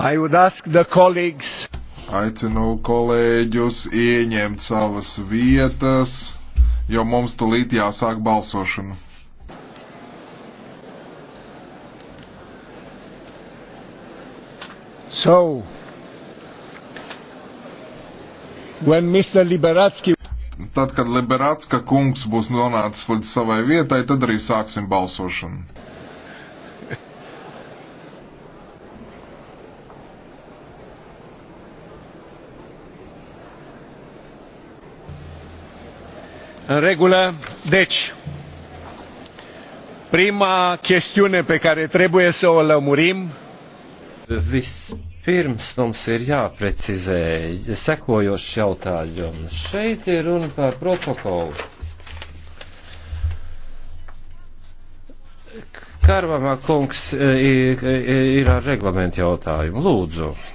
Aicinu kolēģus ieņemt savas vietas, jo mums tulīt jāsāk balsošana. So, when Mr. Liberatsky... Tad, kad Liberatska kungs būs nonācis līdz savai vietai, tad arī sāksim balsošanu. În regulă. Deci, prima chestiune pe care trebuie să o lămurim. Vispirms mums ir jāprecizē sekojošs jautājums. Šeit ir runa par protokolu. Karvamā kungs ir, eh, eh, eh, ir ar reglamentu jautājumu. Lūdzu.